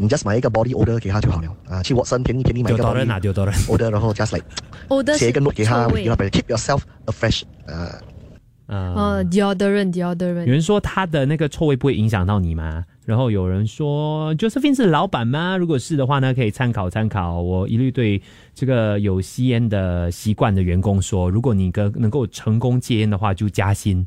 你 just 買一個 body order 給他就好了啊，去 Watsons 你便宜便宜買一個 body order 然後 just like 寫一個 note 給他，然後俾佢 keep yourself fresh 啊啊啊 deodorant，deodorant 有人說他的那個臭味不會影響到你嗎然後有人說就是 Joseph 是老板嗎如果是的話呢，可以參考參考。我一律對這個有吸煙的習慣的員工說如果你跟能夠成功戒煙的話就加薪。